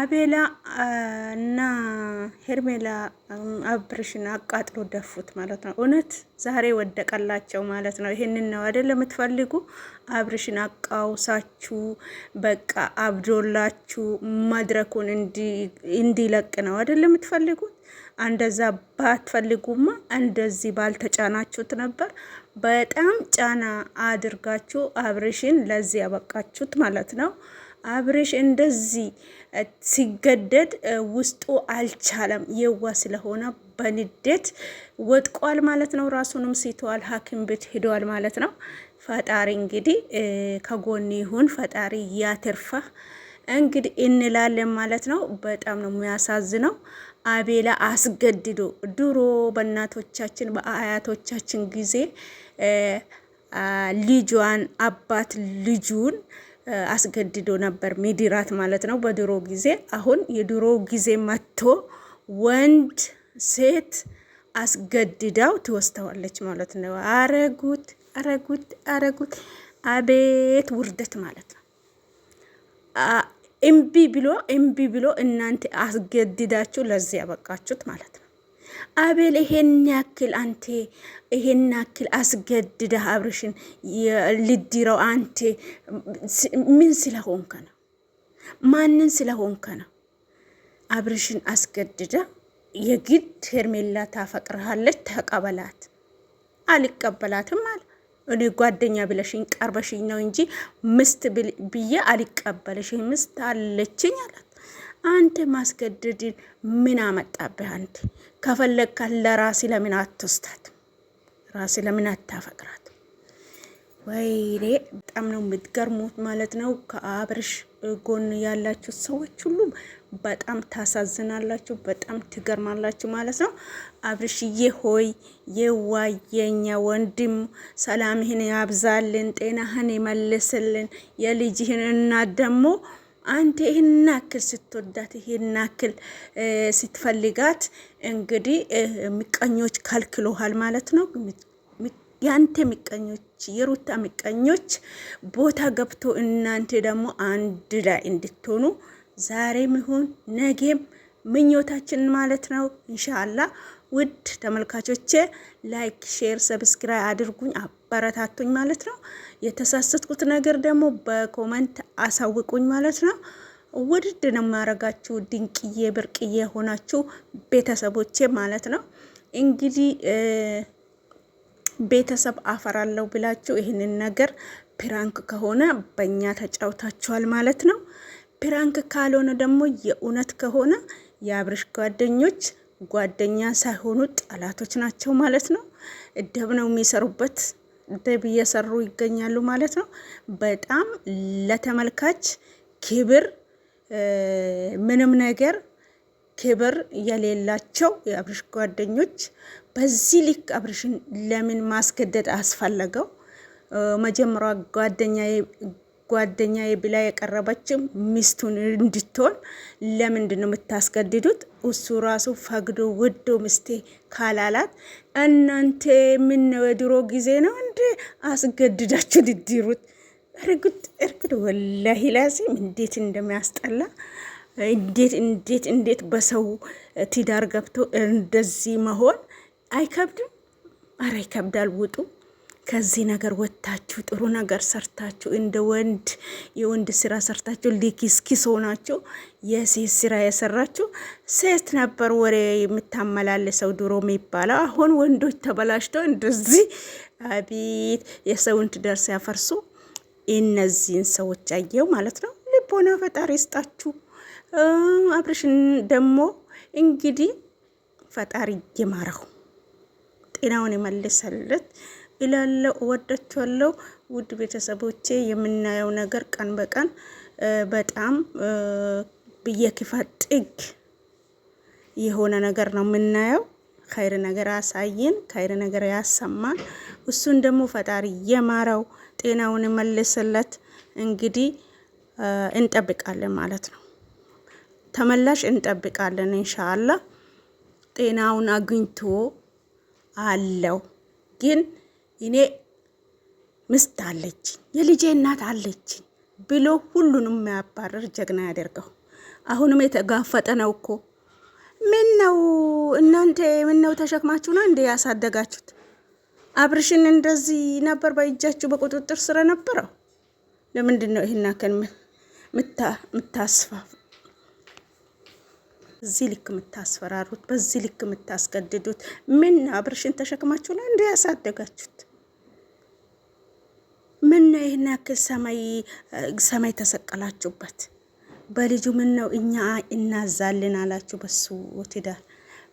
አቤላ እና ሄርሜላ አብርሽን አቃጥሎ ደፉት ማለት ነው። እውነት ዛሬ ወደቀላቸው ማለት ነው። ይሄንን ነው አይደል የምትፈልጉ? አብርሽን አቃውሳችሁ በቃ አብዶላችሁ መድረኩን እንዲለቅ ነው አይደል የምትፈልጉት? እንደዛ ባትፈልጉማ እንደዚህ ባልተጫናችሁት ነበር። በጣም ጫና አድርጋችሁ አብርሽን ለዚህ ያበቃችሁት ማለት ነው። አብሬሽ እንደዚህ ሲገደድ ውስጡ አልቻለም። የዋ ስለሆነ በንዴት ወጥቋል ማለት ነው። ራሱንም ሲተዋል፣ ሐኪም ቤት ሂደዋል ማለት ነው። ፈጣሪ እንግዲህ ከጎን ይሁን፣ ፈጣሪ ያትርፋ እንግዲህ እንላለን ማለት ነው። በጣም ነው የሚያሳዝነው። አቤላ አስገድዶ ድሮ በእናቶቻችን በአያቶቻችን ጊዜ ልጇን አባት ልጁን አስገድዶ ነበር ሚድራት ማለት ነው በድሮ ጊዜ። አሁን የድሮ ጊዜ መጥቶ ወንድ ሴት አስገድዳው ትወስተዋለች ማለት ነው። አረጉት አረጉት አረጉት! አቤት ውርደት ማለት ነው። እምቢ ብሎ እምቢ ብሎ እናንተ አስገድዳችሁ ለዚህ ያበቃችሁት ማለት ነው። አቤል ይሄን ያክል አንተ ይሄን ያክል አስገድደህ አብርሽን ልድረው አንተ ምን ስለሆንከ ነው? ማንን ስለሆንከ ነው? አብርሽን አስገድደ የግድ ሄርሜላ ታፈቅርሃለች ተቀበላት። አልቀበላትም አለ እኔ ጓደኛ ብለሽኝ ቀርበሽኝ ነው እንጂ ምስት ብዬ አልቀበለሽኝ ምስት አለችኝ አላት። አንተ ማስገደድን ምን አመጣብህ? አንተ ከፈለግካት ለራሲ ለምን አትወስዳት? ራሴ ለምን አታፈቅራት? ወይኔ በጣም ነው የምትገርሙት ማለት ነው። ከአብርሽ ጎን ያላችሁ ሰዎች ሁሉም በጣም ታሳዝናላችሁ፣ በጣም ትገርማላችሁ ማለት ነው። አብርሽዬ ሆይ የዋ የኛ ወንድም ሰላምህን ያብዛልን፣ ጤናህን ይመልስልን፣ የልጅህን እናት ደግሞ አንተ ይህን አክል ስትወዳት ይህን አክል ስትፈልጋት እንግዲህ ምቀኞች ከልክሎሃል ማለት ነው። ያንተ ምቀኞች፣ የሩታ ምቀኞች ቦታ ገብቶ እናንተ ደግሞ አንድ ላይ እንድትሆኑ ዛሬም ይሁን ነገም ምኞታችን ማለት ነው እንሻላ ውድ ተመልካቾቼ ላይክ፣ ሼር፣ ሰብስክራይብ አድርጉኝ አበረታቱኝ ማለት ነው። የተሳሰትኩት ነገር ደግሞ በኮመንት አሳውቁኝ ማለት ነው። ውድድ ነው የማረጋችሁ ድንቅዬ ብርቅዬ የሆናችሁ ቤተሰቦቼ ማለት ነው። እንግዲህ ቤተሰብ አፈራለሁ ብላችሁ ይህንን ነገር ፕራንክ ከሆነ በእኛ ተጫውታችኋል ማለት ነው። ፕራንክ ካልሆነ ደግሞ የእውነት ከሆነ የአብርሽ ጓደኞች ጓደኛ ሳይሆኑ ጠላቶች ናቸው ማለት ነው። ደብ ነው የሚሰሩበት፣ ደብ እየሰሩ ይገኛሉ ማለት ነው። በጣም ለተመልካች ክብር ምንም ነገር ክብር የሌላቸው የአብርሽ ጓደኞች በዚህ ልክ አብርሽን ለምን ማስገደድ አስፈለገው? መጀመሪያ ጓደኛ ጓደኛዬ ብላ የቀረበችም ሚስቱን እንድትሆን ለምንድን ነው የምታስገድዱት? እሱ ራሱ ፈግዶ ወዶ ምስቴ ካላላት እናንተ የምነው የድሮ ጊዜ ነው እንደ አስገድዳችሁ ድድሩት። እርግጥ እርግጥ ወላሂ ላዚም እንዴት እንደሚያስጠላ እንዴት እንዴት እንዴት በሰው ትዳር ገብቶ እንደዚህ መሆን አይከብድም? አረ ይከብዳል። ውጡ ከዚህ ነገር ወጥታችሁ ጥሩ ነገር ሰርታችሁ እንደ ወንድ የወንድ ስራ ሰርታችሁ ሊኪስኪስ ሆናችሁ የሴት ስራ የሰራችሁ ሴት ነበር ወሬ የምታመላለሰው ድሮም ይባላል። አሁን ወንዶች ተበላሽተው እንደዚህ አቤት የሰውን ትዳር ሲያፈርሱ እነዚህን ሰዎች አየው ማለት ነው። ልቦና ፈጣሪ ይስጣችሁ። አብርሽን ደግሞ እንግዲህ ፈጣሪ ይማረው፣ ጤናውን የመልሰለት እላለሁ። እወዳችኋለሁ ውድ ቤተሰቦቼ። የምናየው ነገር ቀን በቀን በጣም ብየክፈጥግ ጥግ የሆነ ነገር ነው የምናየው። ከይር ነገር ያሳየን፣ ከይር ነገር ያሰማን። እሱን ደግሞ ፈጣሪ የማረው ጤናውን መልስለት። እንግዲህ እንጠብቃለን ማለት ነው። ተመላሽ እንጠብቃለን ኢንሻአላህ ጤናውን አግኝቶ አለው ግን እኔ ምስት አለችኝ፣ የልጄ እናት አለችኝ ብሎ ሁሉንም የሚያባረር ጀግና ያደርገው። አሁንም የተጋፈጠ ነው እኮ ምን ነው እናንተ ምን ነው ነው እንደ ያሳደጋችሁት አብርሽን እንደዚህ ነበር በእጃችሁ በቁጥጥር ስር ነበረው። ለምንድን ነው ይህን ያክል ምታስፋፍ እዚህ ልክ የምታስፈራሩት፣ በዚህ ልክ የምታስገድዱት? ምን አብርሽን ነው እንዴ ያሳደጋችሁት ምነው ይህን ያክል ሰማይ ተሰቀላችሁበት? በልጁ ምነው እኛ እናዛልን አላችሁ? በሱ ትዳር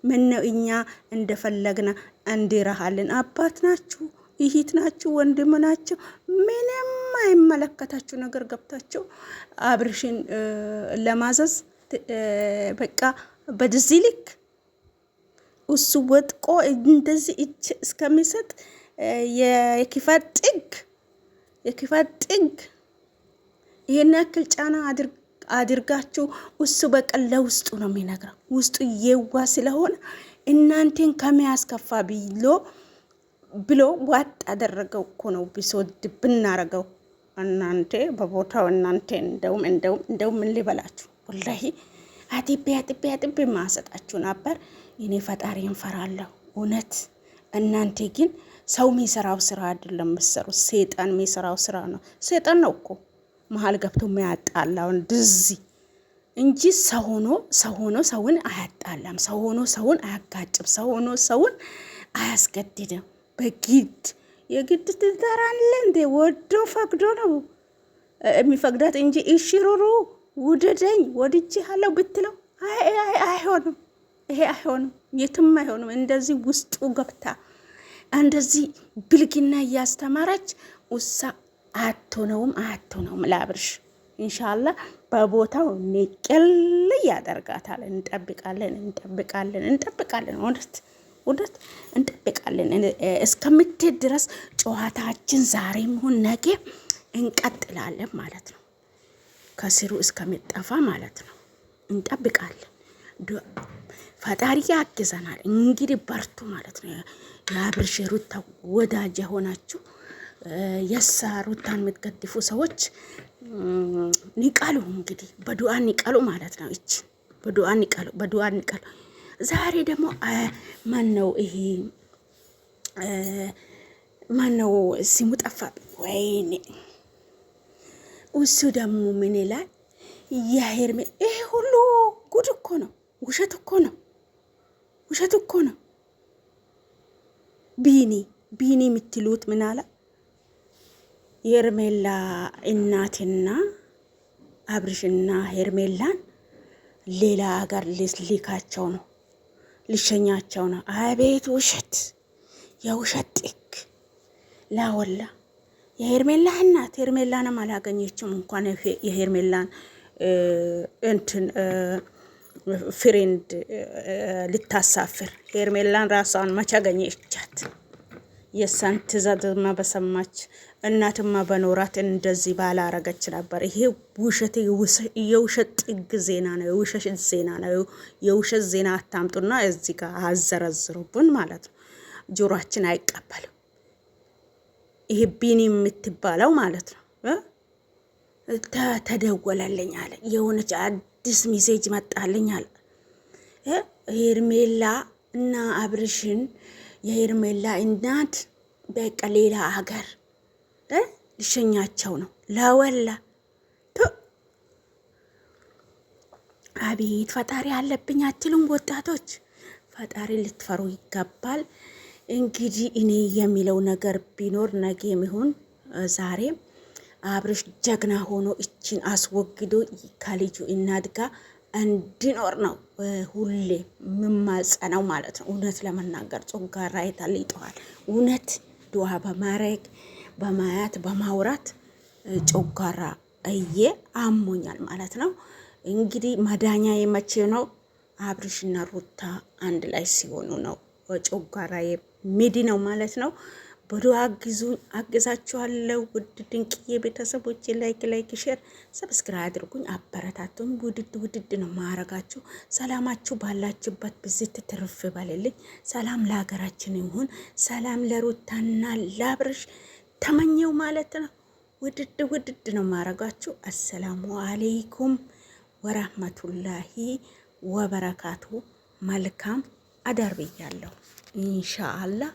ምነው እኛ እንደፈለግና እንዲረሃልን? አባት ናችሁ፣ ይሂት ናችሁ፣ ወንድም ናችሁ። ምንም አይመለከታችሁ ነገር ገብታችሁ አብርሽን ለማዘዝ በቃ በድዚህ ልክ እሱ ወጥቆ እንደዚህ እጅ እስከሚሰጥ የክፋት ጥግ የክፋት ጥግ ይሄን ያክል ጫና አድርጋችሁ እሱ በቀል ለውስጡ ነው የሚነግረው። ውስጡ የዋ ስለሆነ እናንተን ከሚያስከፋ ብሎ ብሎ ዋጥ አደረገው እኮ ነው ብሶ ብናረገው እናንተ በቦታው እናንተ እንደውም እንደውም እንደውም ምን ሊበላችሁ ወላሂ አጥቤ አጥቤ አጥቤ ማሰጣችሁ ነበር። እኔ ፈጣሪ እንፈራለሁ እውነት እናንተ ግን ሰው የሚሰራው ስራ አይደለም የምትሰሩት፣ ሴጣን የሚሰራው ስራ ነው። ሴጣን ነው እኮ መሀል ገብቶ የሚያጣላውን ድዚ እንጂ ሰው ሆኖ ሰው ሆኖ ሰውን አያጣላም። ሰው ሆኖ ሰውን አያጋጭም። ሰው ሆኖ ሰውን አያስገድድም። በግድ የግድ ትዳራለ አለ እንዴ? ወዶ ፈቅዶ ነው የሚፈቅዳት እንጂ እሽሩሩ ውደደኝ ወድጄ አለው ብትለው አይሆንም። ይሄ አይሆንም። የትም አይሆንም። እንደዚህ ውስጡ ገብታ እንደዚህ ብልግና እያስተማረች ውሳ አትሆነውም አትሆነውም። ላብርሽ እንሻላ በቦታው ንቅል ያደርጋታል። እንጠብቃለን እንጠብቃለን እንጠብቃለን ወደት ወደት እንጠብቃለን እስከምትሄድ ድረስ ጨዋታችን ዛሬ ይሁን ነገ እንቀጥላለን ማለት ነው። ከስሩ እስከሚጠፋ ማለት ነው። እንጠብቃለን። ፈጣሪ ያግዘናል። እንግዲህ በርቱ ማለት ነው። የአብርሽ ሩታ ወዳጅ የሆናችሁ የሳ ሩታን የምትገድፉ ሰዎች ንቀሉ፣ እንግዲህ በዱአ ንቀሉ ማለት ነው። እች በዱአ ንቀሉ፣ በዱአ ንቀሉ። ዛሬ ደግሞ ማን ነው ይሄ? ማን ነው ስሙ ጠፋብኝ። ወይኔ እሱ ደግሞ ምን ይላል? ያሄር ይሄ ሁሉ ጉድ እኮ ነው። ውሸት እኮ ነው፣ ውሸት እኮ ነው። ቢኒ ቢኒ የምትሉት ምናለ የሄርሜላ እናትና አብርሽና ሄርሜላን ሌላ ሀገር ልልካቸው ነው፣ ልሸኛቸው ነው። አቤት ውሸት፣ የውሸት ጥግ ላወላ የሄርሜላ እናት ሄርሜላንም አላገኘችም። እንኳን የሄርሜላን እንትን ፍሬንድ ልታሳፍር ሄርሜላን ራሷን መች አገኘቻት? የእሷን ትዕዛዝማ በሰማች እናትማ በኖራት እንደዚህ ባላረገች ነበር። ይሄ ውሸት የውሸት ጥግ ዜና ነው፣ የውሸት ዜና ነው። የውሸት ዜና አታምጡና እዚህ ጋር አዘረዝሩብን ማለት ነው። ጆሯችን አይቀበልም። ይሄ ቢኒ የምትባለው ማለት ነው ተደወለልኝ አለ የሆነች አዲስ ሚሴጅ መጣልኛል። ሄርሜላ እና አብርሽን የሄርሜላ እናት በቃ ሌላ ሀገር ልሸኛቸው ነው ለወላ አቤት ፈጣሪ አለብኝ አትሉም ወጣቶች? ፈጣሪ ልትፈሩ ይገባል። እንግዲህ እኔ የሚለው ነገር ቢኖር ነገም ይሁን ዛሬም አብርሽ ጀግና ሆኖ እችን አስወግዶ ከልጁ እናት ጋር እንዲኖር ነው ሁሌ የምማጸነው ማለት ነው። እውነት ለመናገር ጾጋራ የታልጠዋል እውነት ድዋ በማረግ በማያት በማውራት ጮጋራ እየ አሞኛል ማለት ነው። እንግዲህ መዳኛ የመቼ ነው? አብርሽና ሩታ አንድ ላይ ሲሆኑ ነው ጮጋራ የሚድ ነው ማለት ነው። በዱአ አግዙ አግዛችኋለሁ። ውድ ድንቅዬ ቤተሰቦቼ ላይክ ላይክ ሼር ሰብስክራይብ አድርጉኝ፣ አበረታቱኝ። ውድድ ውድድ ነው ማረጋችሁ። ሰላማችሁ ባላችሁበት ብዝት ትርፍ ይበልልኝ። ሰላም ለሀገራችን ይሁን። ሰላም ለሩታና ላብርሽ ተመኘው ማለት ነው። ውድድ ውድድ ነው ማረጋችሁ። አሰላሙ አሌይኩም ወራህመቱላሂ ወበረካቱ። መልካም አዳር ብያለሁ። ኢንሻአላህ